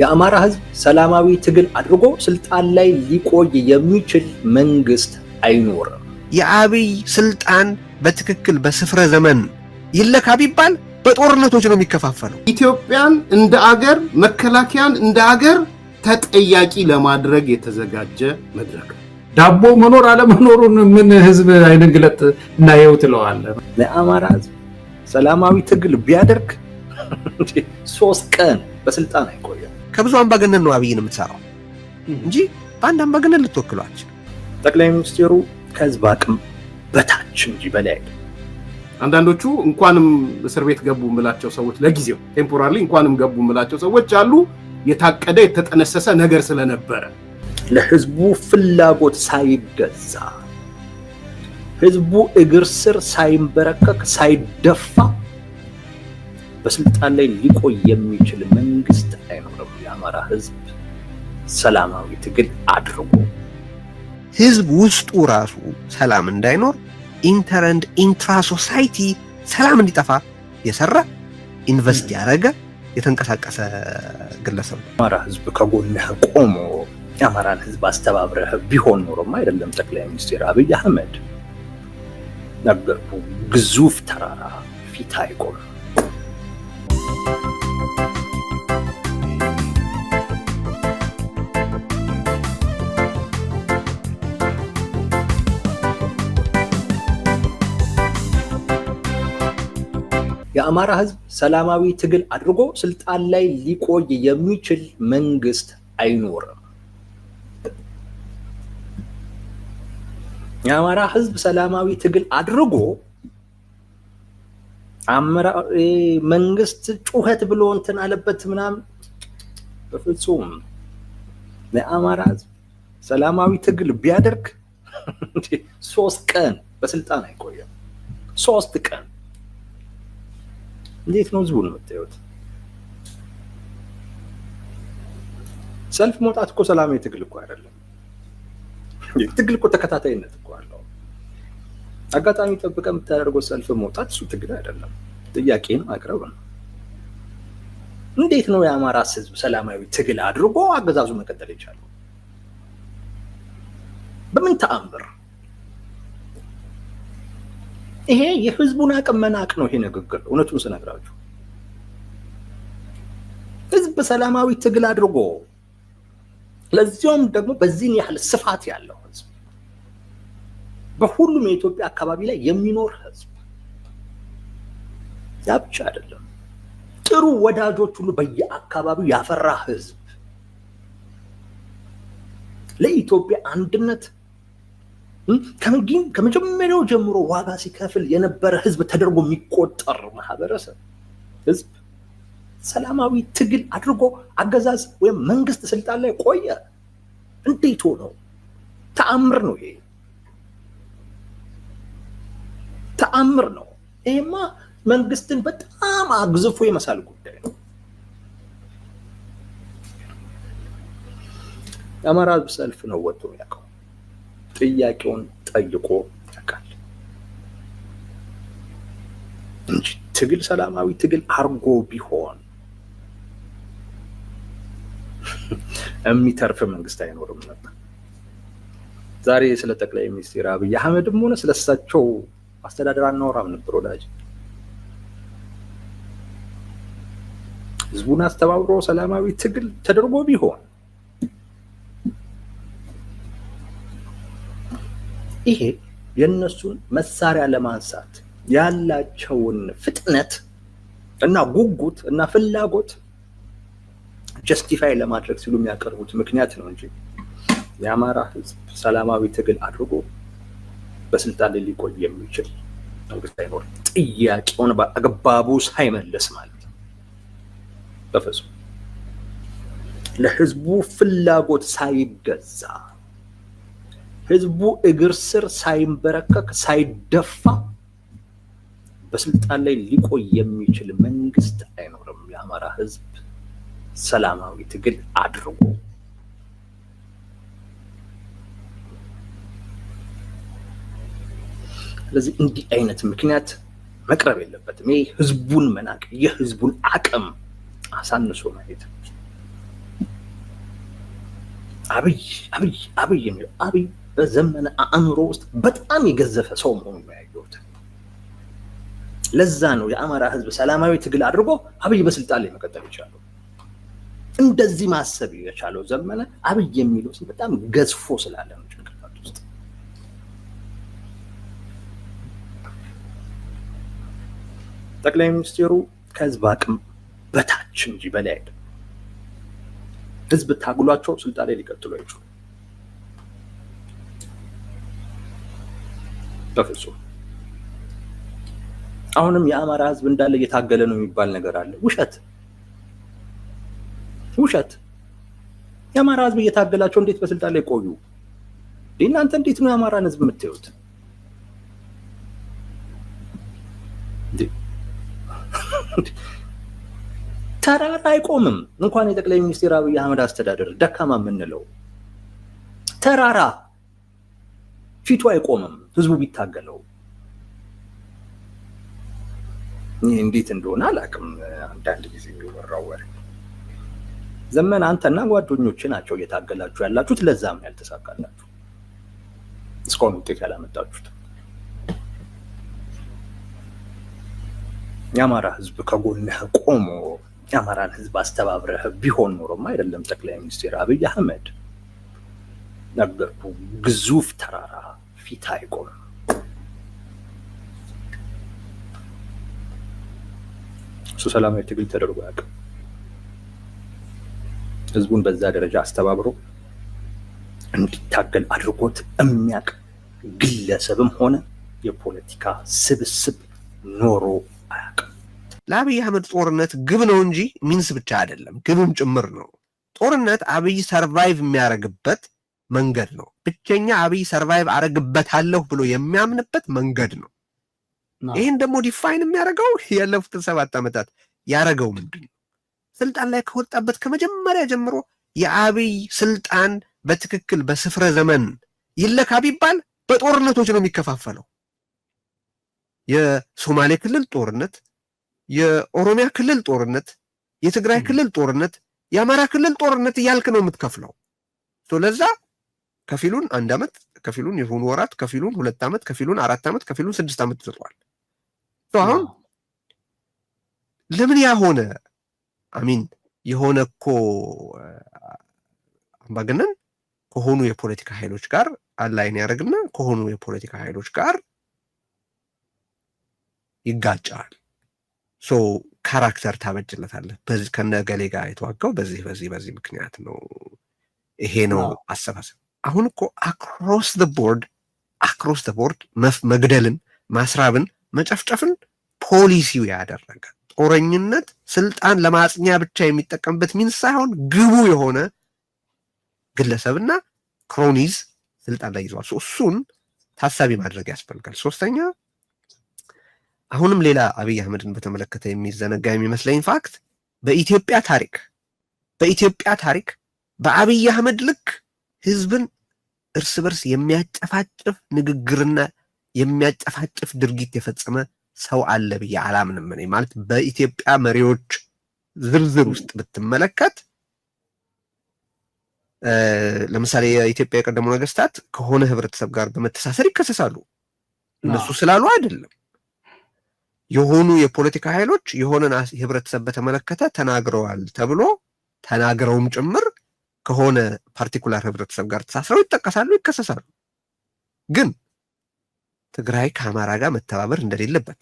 የአማራ ህዝብ ሰላማዊ ትግል አድርጎ ስልጣን ላይ ሊቆይ የሚችል መንግስት አይኖርም። የአብይ ስልጣን በትክክል በስፍረ ዘመን ይለካ ቢባል በጦርነቶች ነው የሚከፋፈለው። ኢትዮጵያን እንደ አገር መከላከያን እንደ አገር ተጠያቂ ለማድረግ የተዘጋጀ መድረክ። ዳቦ መኖር አለመኖሩን ምን ህዝብ አይንግለጥ እናየው ትለዋለህ። ለአማራ ህዝብ ሰላማዊ ትግል ቢያደርግ ሶስት ቀን በስልጣን አይቆየም። ከብዙ አምባገነን ነው አብይን የምትሰራው እንጂ በአንድ አምባገነን ልትወክሏቸው። ጠቅላይ ሚኒስትሩ ከህዝብ አቅም በታች እንጂ በላይ አንዳንዶቹ እንኳንም እስር ቤት ገቡ ምላቸው ሰዎች ለጊዜው ቴምፖራሪ እንኳንም ገቡ ምላቸው ሰዎች አሉ። የታቀደ የተጠነሰሰ ነገር ስለነበረ ለህዝቡ ፍላጎት ሳይገዛ ህዝቡ እግር ስር ሳይንበረከክ ሳይደፋ በስልጣን ላይ ሊቆይ የሚችል መንግስት አይኖርም። የአማራ ህዝብ ሰላማዊ ትግል አድርጎ ህዝብ ውስጡ ራሱ ሰላም እንዳይኖር ኢንተረንድ ኢንትራ ሶሳይቲ ሰላም እንዲጠፋ የሰራ ኢንቨስት ያደረገ የተንቀሳቀሰ ግለሰብ ነው። አማራ ህዝብ ከጎንህ ቆሞ የአማራን ህዝብ አስተባብረህ ቢሆን ኖሮማ አይደለም ጠቅላይ ሚኒስትር አብይ አህመድ ነገርኩ፣ ግዙፍ ተራራ ፊት አይቆም። የአማራ ህዝብ ሰላማዊ ትግል አድርጎ ስልጣን ላይ ሊቆይ የሚችል መንግስት አይኖርም። የአማራ ህዝብ ሰላማዊ ትግል አድርጎ መንግስት ጩኸት ብሎ እንትን አለበት ምናምን፣ በፍጹም የአማራ ህዝብ ሰላማዊ ትግል ቢያደርግ ሶስት ቀን በስልጣን አይቆየም። ሶስት ቀን እንዴት ነው ህዝቡን የምታዩት? ሰልፍ መውጣት እኮ ሰላማዊ ትግል እኮ አይደለም። ትግል እኮ ተከታታይነት እኮ አለው። አጋጣሚ ጠብቀ የምታደርገው ሰልፍ መውጣት እሱ ትግል አይደለም፣ ጥያቄን ማቅረብ ነው። እንዴት ነው የአማራ ህዝብ ሰላማዊ ትግል አድርጎ አገዛዙ መቀጠል የቻለው? በምን ተአምር ይሄ የህዝቡን አቅም መናቅ ነው። ይሄ ንግግር እውነቱን ስነግራችሁ ህዝብ ሰላማዊ ትግል አድርጎ ለዚያውም ደግሞ በዚህን ያህል ስፋት ያለው ህዝብ በሁሉም የኢትዮጵያ አካባቢ ላይ የሚኖር ህዝብ ያ ብቻ አይደለም፣ ጥሩ ወዳጆች ሁሉ በየአካባቢው ያፈራ ህዝብ ለኢትዮጵያ አንድነት ከመጊም ከመጀመሪያው ጀምሮ ዋጋ ሲከፍል የነበረ ህዝብ ተደርጎ የሚቆጠር ማህበረሰብ ህዝብ ሰላማዊ ትግል አድርጎ አገዛዝ ወይም መንግስት ስልጣን ላይ ቆየ። እንዴት ሆነው? ተአምር ነው ይሄ፣ ተአምር ነው ይሄማ። መንግስትን በጣም አግዝፎ የመሳል ጉዳይ ነው። የአማራ ሰልፍ ነው ወጥቶ ያውቀው ጥያቄውን ጠይቆ ያውቃል እንጂ ትግል ሰላማዊ ትግል አርጎ ቢሆን የሚተርፍ መንግስት አይኖርም ነበር። ዛሬ ስለ ጠቅላይ ሚኒስትር አብይ አህመድም ሆነ ስለ እሳቸው አስተዳደር አናወራም ነበር ወዳጅ። ህዝቡን አስተባብሮ ሰላማዊ ትግል ተደርጎ ቢሆን ይሄ የእነሱን መሳሪያ ለማንሳት ያላቸውን ፍጥነት እና ጉጉት እና ፍላጎት ጀስቲፋይ ለማድረግ ሲሉ የሚያቀርቡት ምክንያት ነው እንጂ የአማራ ህዝብ ሰላማዊ ትግል አድርጎ በስልጣን ላይ ሊቆይ የሚችል መንግስት አይኖር። ጥያቄውን በአግባቡ ሳይመለስ ማለት ነው። በፍጹም ለህዝቡ ፍላጎት ሳይገዛ ህዝቡ እግር ስር ሳይንበረከክ ሳይደፋ በስልጣን ላይ ሊቆይ የሚችል መንግስት አይኖርም። የአማራ ህዝብ ሰላማዊ ትግል አድርጎ ስለዚህ እንዲህ አይነት ምክንያት መቅረብ የለበትም። ይህ ህዝቡን መናቅ፣ የህዝቡን አቅም አሳንሶ ማየት አብይ አብይ አብይ የሚለው አብይ በዘመነ አእምሮ ውስጥ በጣም የገዘፈ ሰው መሆኑ ያየሁት። ለዛ ነው የአማራ ህዝብ ሰላማዊ ትግል አድርጎ አብይ በስልጣን ላይ መቀጠል ይቻሉ እንደዚህ ማሰብ የቻለው ዘመነ አብይ የሚለው ስም በጣም ገዝፎ ስላለ ነው ጭንቅላት ውስጥ። ጠቅላይ ሚኒስትሩ ከህዝብ አቅም በታች እንጂ በላይ አይደለም። ህዝብ ታግሏቸው ስልጣን ላይ ሊቀጥሉ አይችሉ በፍጹም አሁንም የአማራ ህዝብ እንዳለ እየታገለ ነው የሚባል ነገር አለ። ውሸት ውሸት። የአማራ ህዝብ እየታገላቸው እንዴት በስልጣን ላይ ቆዩ? እናንተ እንዴት ነው የአማራን ህዝብ የምታዩት? ተራራ አይቆምም። እንኳን የጠቅላይ ሚኒስትር አብይ አህመድ አስተዳደር ደካማ የምንለው ተራራ ፊቱ አይቆምም። ህዝቡ ቢታገለው ይህ እንዴት እንደሆነ አላውቅም። አንዳንድ ጊዜ የሚወራው ወሬ ዘመን አንተና ጓደኞች ናቸው እየታገላችሁ ያላችሁት። ለዛም ያልተሳካላችሁ እስካሁን ውጤት ያላመጣችሁት። የአማራ ህዝብ ከጎንህ ቆሞ የአማራን ህዝብ አስተባብረህ ቢሆን ኖሮማ አይደለም ጠቅላይ ሚኒስትር አብይ አህመድ ነገርኩ። ግዙፍ ተራራ ፊት አይቆም። እሱ ሰላማዊ ትግል ተደርጎ ያውቅም። ህዝቡን በዛ ደረጃ አስተባብሮ እንዲታገል አድርጎት የሚያውቅ ግለሰብም ሆነ የፖለቲካ ስብስብ ኖሮ አያውቅም። ለአብይ አህመድ ጦርነት ግብ ነው እንጂ ሚንስ ብቻ አይደለም፣ ግብም ጭምር ነው። ጦርነት አብይ ሰርቫይቭ የሚያደርግበት መንገድ ነው። ብቸኛ አብይ ሰርቫይቭ አረግበታለሁ ብሎ የሚያምንበት መንገድ ነው። ይህን ደግሞ ዲፋይን የሚያደርገው ያለፉትን ሰባት ዓመታት ያደረገው ምንድን ነው? ስልጣን ላይ ከወጣበት ከመጀመሪያ ጀምሮ የአብይ ስልጣን በትክክል በስፍረ ዘመን ይለካ ቢባል በጦርነቶች ነው የሚከፋፈለው። የሶማሌ ክልል ጦርነት፣ የኦሮሚያ ክልል ጦርነት፣ የትግራይ ክልል ጦርነት፣ የአማራ ክልል ጦርነት እያልክ ነው የምትከፍለው ለዛ ከፊሉን አንድ ዓመት ከፊሉን የሆኑ ወራት ከፊሉን ሁለት ዓመት ከፊሉን አራት ዓመት ከፊሉን ስድስት ዓመት ተሰጥቷል። አሁን ለምን ያ ሆነ? አሚን የሆነ እኮ አምባገነን ከሆኑ የፖለቲካ ኃይሎች ጋር አላይን ያደርግና ከሆኑ የፖለቲካ ኃይሎች ጋር ይጋጫል። ሶ ካራክተር ታበጅለታለህ። ከነገሌ ጋር የተዋጋው በዚህ በዚህ በዚህ ምክንያት ነው። ይሄ ነው አሰባሰብ አሁን እኮ አክሮስ ደ ቦርድ አክሮስ ደ ቦርድ መግደልን፣ ማስራብን፣ መጨፍጨፍን ፖሊሲው ያደረገ ጦረኝነት ስልጣን ለማጽኛ ብቻ የሚጠቀምበት ሚን ሳይሆን ግቡ የሆነ ግለሰብና ክሮኒዝ ስልጣን ላይ ይዘዋል። እሱን ታሳቢ ማድረግ ያስፈልጋል። ሶስተኛ አሁንም ሌላ አብይ አህመድን በተመለከተ የሚዘነጋ የሚመስለኝ ፋክት በኢትዮጵያ ታሪክ በኢትዮጵያ ታሪክ በአብይ አህመድ ልክ ህዝብን እርስ በርስ የሚያጨፋጭፍ ንግግርና የሚያጨፋጭፍ ድርጊት የፈጸመ ሰው አለ ብዬ አላምንም። እኔ ማለት በኢትዮጵያ መሪዎች ዝርዝር ውስጥ ብትመለከት ለምሳሌ የኢትዮጵያ የቀደሙ ነገስታት ከሆነ ህብረተሰብ ጋር በመተሳሰር ይከሰሳሉ። እነሱ ስላሉ አይደለም። የሆኑ የፖለቲካ ኃይሎች የሆነን ህብረተሰብ በተመለከተ ተናግረዋል ተብሎ ተናግረውም ጭምር ከሆነ ፓርቲኩላር ህብረተሰብ ጋር ተሳስረው ይጠቀሳሉ፣ ይከሰሳሉ። ግን ትግራይ ከአማራ ጋር መተባበር እንደሌለበት፣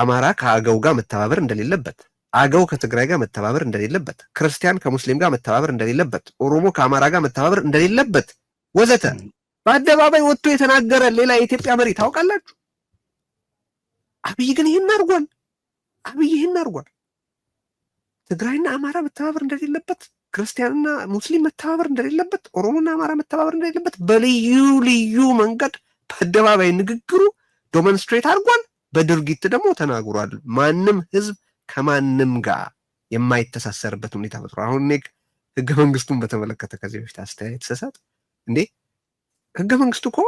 አማራ ከአገው ጋር መተባበር እንደሌለበት፣ አገው ከትግራይ ጋር መተባበር እንደሌለበት፣ ክርስቲያን ከሙስሊም ጋር መተባበር እንደሌለበት፣ ኦሮሞ ከአማራ ጋር መተባበር እንደሌለበት ወዘተ በአደባባይ ወጥቶ የተናገረ ሌላ የኢትዮጵያ መሪ ታውቃላችሁ? አብይ ግን ይህን አድርጓል። አብይ ይህን አድርጓል። ትግራይና አማራ መተባበር እንደሌለበት ክርስቲያንና ሙስሊም መተባበር እንደሌለበት፣ ኦሮሞና አማራ መተባበር እንደሌለበት በልዩ ልዩ መንገድ በአደባባይ ንግግሩ ዶመንስትሬት አድርጓል። በድርጊት ደግሞ ተናግሯል። ማንም ህዝብ ከማንም ጋር የማይተሳሰርበት ሁኔታ ፈጥሮ አሁን እኔ ህገ መንግስቱን በተመለከተ ከዚህ በፊት አስተያየት ስሰጥ እንዴ ህገ መንግስቱ እኮ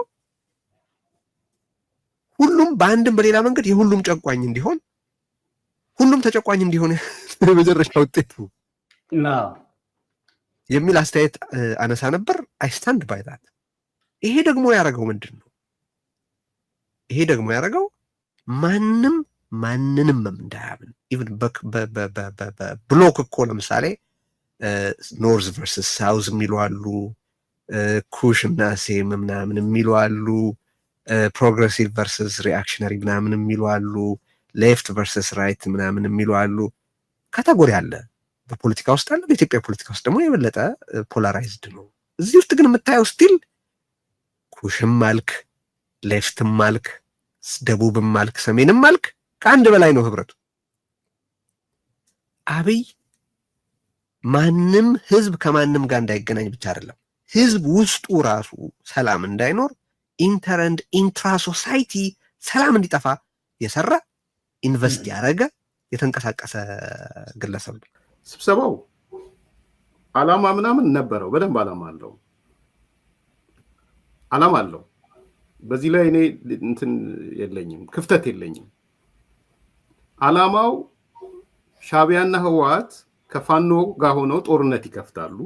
ሁሉም በአንድም በሌላ መንገድ የሁሉም ጨቋኝ እንዲሆን ሁሉም ተጨቋኝ እንዲሆን የመጨረሻ ውጤቱ የሚል አስተያየት አነሳ ነበር። አይስታንድ ዛት። ይሄ ደግሞ ያደረገው ምንድን ነው? ይሄ ደግሞ ያደረገው ማንም ማንንም እንዳያምን ኢቭን ብሎክ እኮ ለምሳሌ ኖርዝ ቨርስስ ሳውዝ የሚሉ አሉ፣ ኩሽ እና ሴም ምናምን የሚሉ አሉ፣ ፕሮግሬሲቭ ቨርስስ ሪአክሽነሪ ምናምን የሚሉ አሉ፣ ሌፍት ቨርስስ ራይት ምናምን የሚሉ አሉ። ካተጎሪ አለ። በፖለቲካ ውስጥ አለ። በኢትዮጵያ ፖለቲካ ውስጥ ደግሞ የበለጠ ፖላራይዝድ ነው። እዚህ ውስጥ ግን የምታየው ስቲል ኩሽም አልክ፣ ሌፍትም አልክ፣ ደቡብም አልክ፣ ሰሜንም አልክ ከአንድ በላይ ነው ህብረቱ። አብይ ማንም ህዝብ ከማንም ጋር እንዳይገናኝ ብቻ አይደለም ህዝብ ውስጡ ራሱ ሰላም እንዳይኖር ኢንተረንድ ኢንትራ ሶሳይቲ ሰላም እንዲጠፋ የሰራ ኢንቨስት ያደረገ የተንቀሳቀሰ ግለሰብ ነው። ስብሰባው አላማ ምናምን ነበረው። በደንብ አላማ አለው፣ አላማ አለው። በዚህ ላይ እኔ እንትን የለኝም፣ ክፍተት የለኝም። አላማው ሻቢያና ህወሓት ከፋኖ ጋር ሆነው ጦርነት ይከፍታሉ።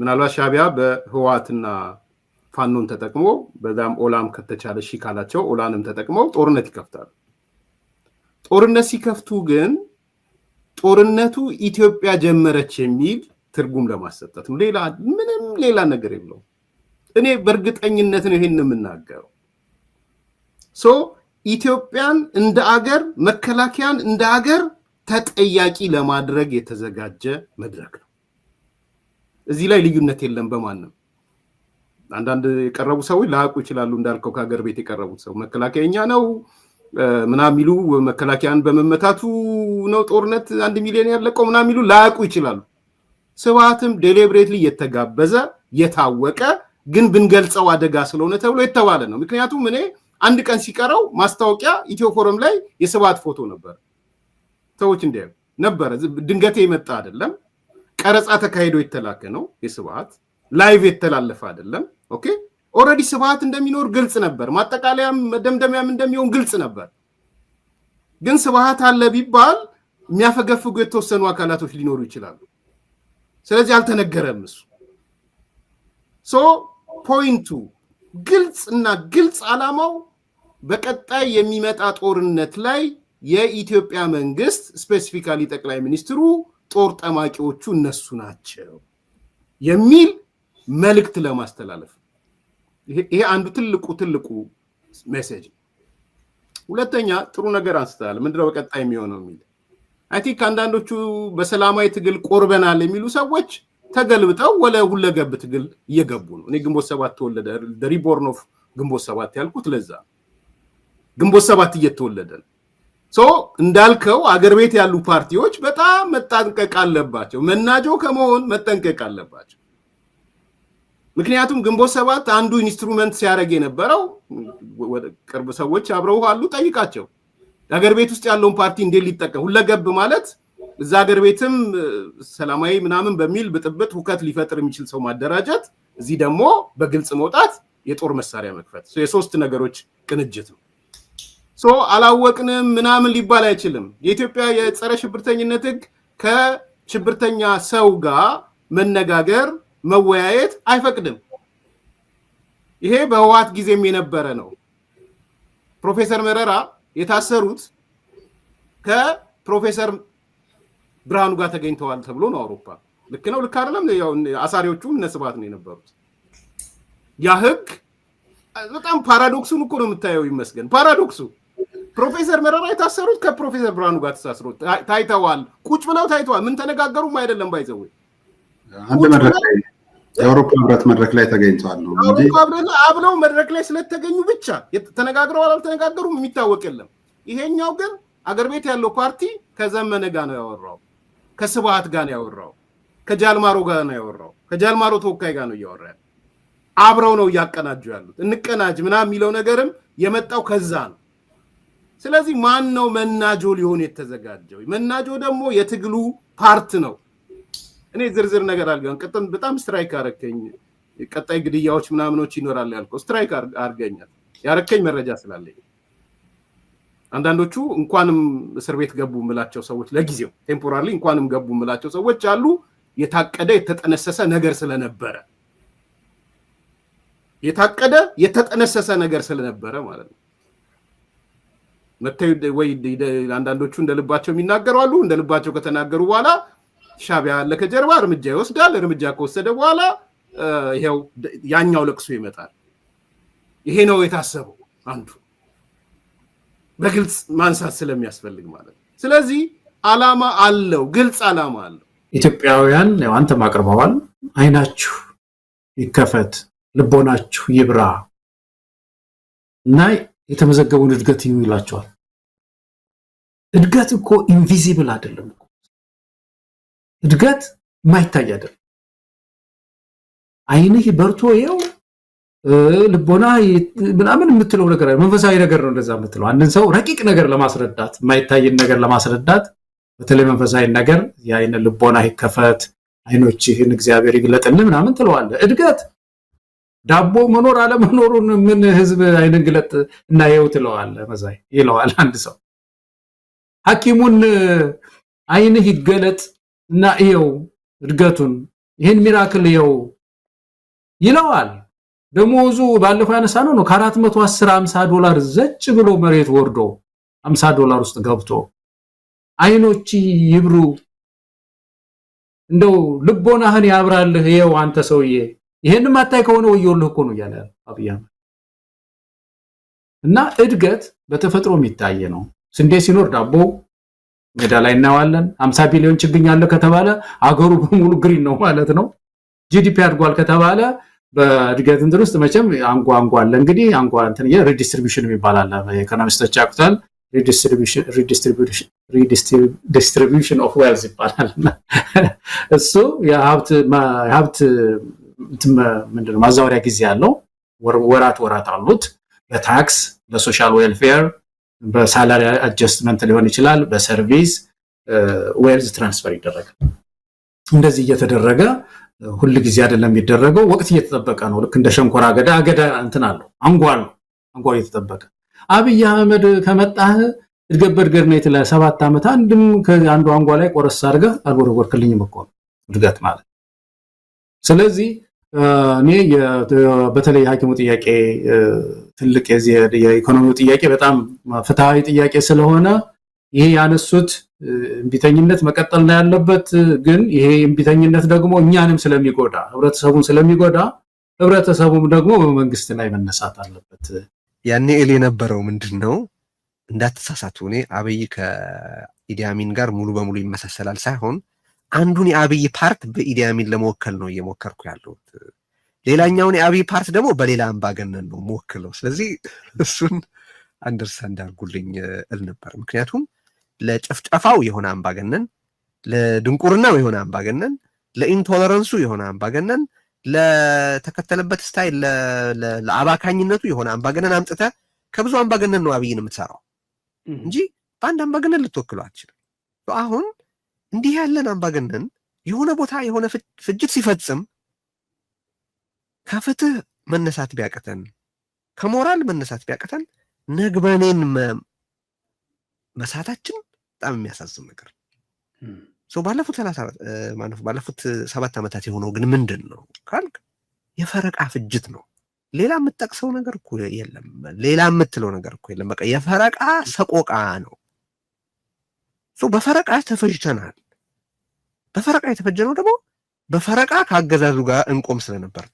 ምናልባት ሻቢያ በህወሓትና ፋኖን ተጠቅሞ በዛም ኦላም ከተቻለ ሺ ካላቸው ኦላንም ተጠቅመው ጦርነት ይከፍታሉ። ጦርነት ሲከፍቱ ግን ጦርነቱ ኢትዮጵያ ጀመረች የሚል ትርጉም ለማሰጠት ነው። ሌላ ምንም ሌላ ነገር የለውም። እኔ በእርግጠኝነት ነው ይሄን የምናገረው። ሶ ኢትዮጵያን እንደ አገር መከላከያን እንደ አገር ተጠያቂ ለማድረግ የተዘጋጀ መድረክ ነው። እዚህ ላይ ልዩነት የለም በማንም አንዳንድ የቀረቡ ሰዎች ላያውቁ ይችላሉ። እንዳልከው ከሀገር ቤት የቀረቡት ሰው መከላከያኛ ነው ምና የሚሉ መከላከያን በመመታቱ ነው ጦርነት አንድ ሚሊዮን ያለቀው ምና የሚሉ ላያውቁ ይችላሉ። ስብሃትም ዴሊብሬትሊ የተጋበዘ የታወቀ ግን ብንገልጸው አደጋ ስለሆነ ተብሎ የተባለ ነው። ምክንያቱም እኔ አንድ ቀን ሲቀረው ማስታወቂያ ኢትዮ ፎረም ላይ የስብሃት ፎቶ ነበር። ሰዎች እንዲ ነበረ። ድንገቴ የመጣ አይደለም። ቀረጻ ተካሂዶ የተላከ ነው። የስብሃት ላይቭ የተላለፈ አይደለም። ኦኬ ኦልሬዲ ስብሃት እንደሚኖር ግልጽ ነበር። ማጠቃለያም መደምደሚያም እንደሚሆን ግልጽ ነበር። ግን ስብሃት አለ ቢባል የሚያፈገፍጉ የተወሰኑ አካላቶች ሊኖሩ ይችላሉ። ስለዚህ አልተነገረም። እሱ ሶ ፖይንቱ ግልጽ እና ግልጽ አላማው በቀጣይ የሚመጣ ጦርነት ላይ የኢትዮጵያ መንግስት ስፔሲፊካሊ ጠቅላይ ሚኒስትሩ ጦር ጠማቂዎቹ እነሱ ናቸው የሚል መልእክት ለማስተላለፍ ይሄ አንዱ ትልቁ ትልቁ ሜሴጅ። ሁለተኛ ጥሩ ነገር አንስተሃል። ምንድነው በቀጣይ የሚሆነው የሚል አይ ቲንክ አንዳንዶቹ በሰላማዊ ትግል ቆርበናል የሚሉ ሰዎች ተገልብጠው ወለ ሁለገብ ትግል እየገቡ ነው። እኔ ግንቦት ሰባት ተወለደ ሪቦርን ኦፍ ግንቦት ሰባት ያልኩት ለዛ ግንቦት ሰባት እየተወለደ ነው። እንዳልከው አገር ቤት ያሉ ፓርቲዎች በጣም መጠንቀቅ አለባቸው። መናጆ ከመሆን መጠንቀቅ አለባቸው። ምክንያቱም ግንቦት ሰባት አንዱ ኢንስትሩመንት ሲያደርግ የነበረው ቅርብ ሰዎች አብረው አሉ፣ ጠይቃቸው። ሀገር ቤት ውስጥ ያለውን ፓርቲ እንዴት ሊጠቀም ሁለገብ ማለት እዛ ሀገር ቤትም ሰላማዊ ምናምን በሚል ብጥብጥ ሁከት ሊፈጥር የሚችል ሰው ማደራጀት፣ እዚህ ደግሞ በግልጽ መውጣት፣ የጦር መሳሪያ መክፈት፣ የሶስት ነገሮች ቅንጅት ነው። አላወቅንም ምናምን ሊባል አይችልም። የኢትዮጵያ የጸረ ሽብርተኝነት ህግ ከሽብርተኛ ሰው ጋር መነጋገር መወያየት አይፈቅድም። ይሄ በህወሓት ጊዜም የነበረ ነው። ፕሮፌሰር መረራ የታሰሩት ከፕሮፌሰር ብርሃኑ ጋር ተገኝተዋል ተብሎ ነው አውሮፓ። ልክ ነው፣ ልክ አይደለም። አሳሪዎቹም እነ ስብሃት ነው የነበሩት። ያ ህግ በጣም ፓራዶክሱን እኮ ነው የምታየው። ይመስገን ፓራዶክሱ ፕሮፌሰር መረራ የታሰሩት ከፕሮፌሰር ብርሃኑ ጋር ተሳስሮ ታይተዋል። ቁጭ ብለው ታይተዋል። ምን ተነጋገሩም አይደለም ባይዘወይ የአውሮፓ ህብረት መድረክ ላይ ተገኝተዋል ነው አብረው መድረክ ላይ ስለተገኙ ብቻ ተነጋግረው አልተነጋገሩም የሚታወቅ የለም። ይሄኛው ግን አገር ቤት ያለው ፓርቲ ከዘመነ ጋር ነው ያወራው፣ ከስብሃት ጋር ነው ያወራው፣ ከጃልማሮ ጋር ነው ያወራው፣ ከጃልማሮ ተወካይ ጋር ነው እያወራ ያለ። አብረው ነው እያቀናጁ ያሉት። እንቀናጅ ምናምን የሚለው ነገርም የመጣው ከዛ ነው። ስለዚህ ማን ነው መናጆ ሊሆን የተዘጋጀው? መናጆ ደግሞ የትግሉ ፓርት ነው። እኔ ዝርዝር ነገር አልገባም። ቅጥም በጣም ስትራይክ አረከኝ። ቀጣይ ግድያዎች ምናምኖች ይኖራል ያልከው ስትራይክ አርገኛል ያረከኝ መረጃ ስላለኝ አንዳንዶቹ እንኳንም እስር ቤት ገቡ ምላቸው ሰዎች ለጊዜው ቴምፖራሪ እንኳንም ገቡ ምላቸው ሰዎች አሉ። የታቀደ የተጠነሰሰ ነገር ስለነበረ የታቀደ የተጠነሰሰ ነገር ስለነበረ ማለት ነው። መተው ወይ አንዳንዶቹ እንደልባቸው የሚናገሩ አሉ። እንደልባቸው ከተናገሩ በኋላ ሻቢያ አለ ከጀርባ እርምጃ ይወስዳል። እርምጃ ከወሰደ በኋላ ይኸው ያኛው ለቅሶ ይመጣል። ይሄ ነው የታሰበው። አንዱ በግልጽ ማንሳት ስለሚያስፈልግ ማለት ነው። ስለዚህ አላማ አለው፣ ግልጽ አላማ አለው። ኢትዮጵያውያን አንተም አቅርበዋል። አይናችሁ ይከፈት፣ ልቦናችሁ ይብራ እና የተመዘገቡን እድገት ይላቸዋል። እድገት እኮ ኢንቪዚብል አይደለም እኮ እድገት የማይታይ አይደለም። አይንህ በርቶ ይኸው ልቦና ምናምን የምትለው ነገር መንፈሳዊ ነገር ነው። እንደዛ የምትለው አንድን ሰው ረቂቅ ነገር ለማስረዳት የማይታይን ነገር ለማስረዳት በተለይ መንፈሳዊ ነገር የአይን ልቦና ይከፈት፣ አይኖችህን እግዚአብሔር ይግለጥልህ ምናምን ትለዋለህ። እድገት ዳቦ መኖር አለመኖሩን ምን ህዝብ አይንን ግለጥ እናየው ትለዋለህ። መዛይ ይለዋል አንድ ሰው ሐኪሙን አይንህ ይገለጥ እና ይኸው እድገቱን ይህን ሚራክል ይኸው ይለዋል። ደሞዙ ባለፈው ያነሳ ነው ነው ከ410 50 ዶላር ዘጭ ብሎ መሬት ወርዶ 50 ዶላር ውስጥ ገብቶ አይኖች ይብሩ እንደው ልቦናህን ያብራልህ። ይኸው አንተ ሰውዬ ይሄንም ማታይ ከሆነ ወዮልህ እኮ ነው እያለ አብይ አህመድ። እና እድገት በተፈጥሮ የሚታየ ነው። ስንዴ ሲኖር ዳቦ ሜዳ ላይ እናየዋለን። ሀምሳ ቢሊዮን ችግኝ አለ ከተባለ አገሩ በሙሉ ግሪን ነው ማለት ነው። ጂዲፒ አድጓል ከተባለ በእድገት እንትን ውስጥ መቼም አንጓ አንጓ አለ እንግዲህ አንጓ እንትን ሪዲስትሪቢሽን ይባላል። ኢኮኖሚስቶች ያቁታል። ሪዲስትሪቢሽን ኦፍ ዌልዝ ይባላል። እሱ የሀብት ምንድነው ማዛወሪያ ጊዜ አለው። ወራት ወራት አሉት ለታክስ ለሶሻል ዌልፌር በሳላሪ አጀስትመንት ሊሆን ይችላል፣ በሰርቪስ ዌልዝ ትራንስፈር ይደረጋል። እንደዚህ እየተደረገ ሁል ጊዜ አይደለም የሚደረገው፣ ወቅት እየተጠበቀ ነው። ልክ እንደ ሸንኮራ አገዳ አገዳ እንትን አለው አንጓል ነው አንጓ እየተጠበቀ አብይ አህመድ ከመጣህ እድገት በእድገት ነው የትለ ሰባት ዓመት አንድም ከአንዱ አንጓ ላይ ቆረስ አድርገህ አልወረወርክልኝም እኮ ነው እድገት ማለት ስለዚህ እኔ በተለይ የሐኪሙ ጥያቄ ትልቅ የዚህ የኢኮኖሚው ጥያቄ በጣም ፍትሐዊ ጥያቄ ስለሆነ ይሄ ያነሱት እምቢተኝነት መቀጠል ነው ያለበት። ግን ይሄ እምቢተኝነት ደግሞ እኛንም ስለሚጎዳ ህብረተሰቡን ስለሚጎዳ ህብረተሰቡም ደግሞ በመንግስት ላይ መነሳት አለበት። ያኔ ኤል የነበረው ምንድን ነው? እንዳትሳሳቱ እኔ አብይ ከኢዲያሚን ጋር ሙሉ በሙሉ ይመሳሰላል ሳይሆን አንዱን የአብይ ፓርት በኢዲያሚን ለመወከል ነው እየሞከርኩ ያለሁት። ሌላኛውን የአብይ ፓርት ደግሞ በሌላ አምባገነን ነው መወክለው። ስለዚህ እሱን አንደርስታንድ አድርጉልኝ እል ነበር። ምክንያቱም ለጭፍጨፋው የሆነ አምባገነን፣ ለድንቁርናው የሆነ አምባገነን፣ ለኢንቶለረንሱ የሆነ አምባገነን፣ ለተከተለበት ስታይል፣ ለአባካኝነቱ የሆነ አምባገነን አምጥተ ከብዙ አምባገነን ነው አብይን የምትሰራው እንጂ በአንድ አምባገነን ልትወክሉ አትችልም። አሁን እንዲህ ያለን አምባገነን የሆነ ቦታ የሆነ ፍጅት ሲፈጽም ከፍትህ መነሳት ቢያቅተን፣ ከሞራል መነሳት ቢያቅተን ነግበኔን መሳታችን በጣም የሚያሳዝን ነገር ባለፉት ባለፉት ሰባት ዓመታት የሆነው ግን ምንድን ነው ካልክ የፈረቃ ፍጅት ነው። ሌላ የምትጠቅሰው ነገር እኮ የለም። ሌላ የምትለው ነገር እኮ የለም። በቃ የፈረቃ ሰቆቃ ነው። በፈረቃ ተፈጅተናል። በፈረቃ የተፈጀነው ደግሞ በፈረቃ ከአገዛዙ ጋር እንቆም ስለነበር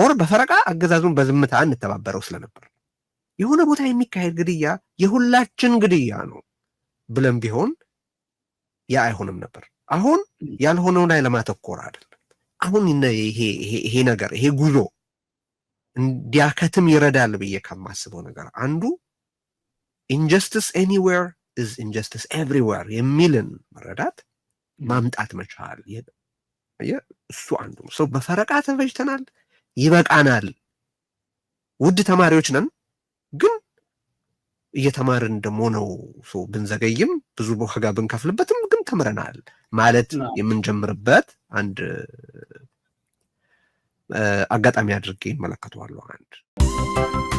ኦር በፈረቃ አገዛዙን በዝምታ እንተባበረው ስለነበር የሆነ ቦታ የሚካሄድ ግድያ የሁላችን ግድያ ነው ብለን ቢሆን ያ አይሆንም ነበር። አሁን ያልሆነው ላይ ለማተኮር አይደለም። አሁን ይሄ ነገር ይሄ ጉዞ እንዲያከትም ይረዳል ብዬ ከማስበው ነገር አንዱ ኢንጀስቲስ ኤኒዌር ኢዝ ኢንጀስቲስ ኤቭሪዌር የሚልን መረዳት ማምጣት መቻል እሱ አንዱ ነው። ሰው በፈረቃ ተፈጅተናል፣ ይበቃናል። ውድ ተማሪዎች ነን፣ ግን እየተማርን ደግሞ ነው። ሰው ብንዘገይም ብዙ ዋጋ ብንከፍልበትም ግን ተምረናል ማለት የምንጀምርበት አንድ አጋጣሚ አድርጌ ይመለከተዋለሁ አንድ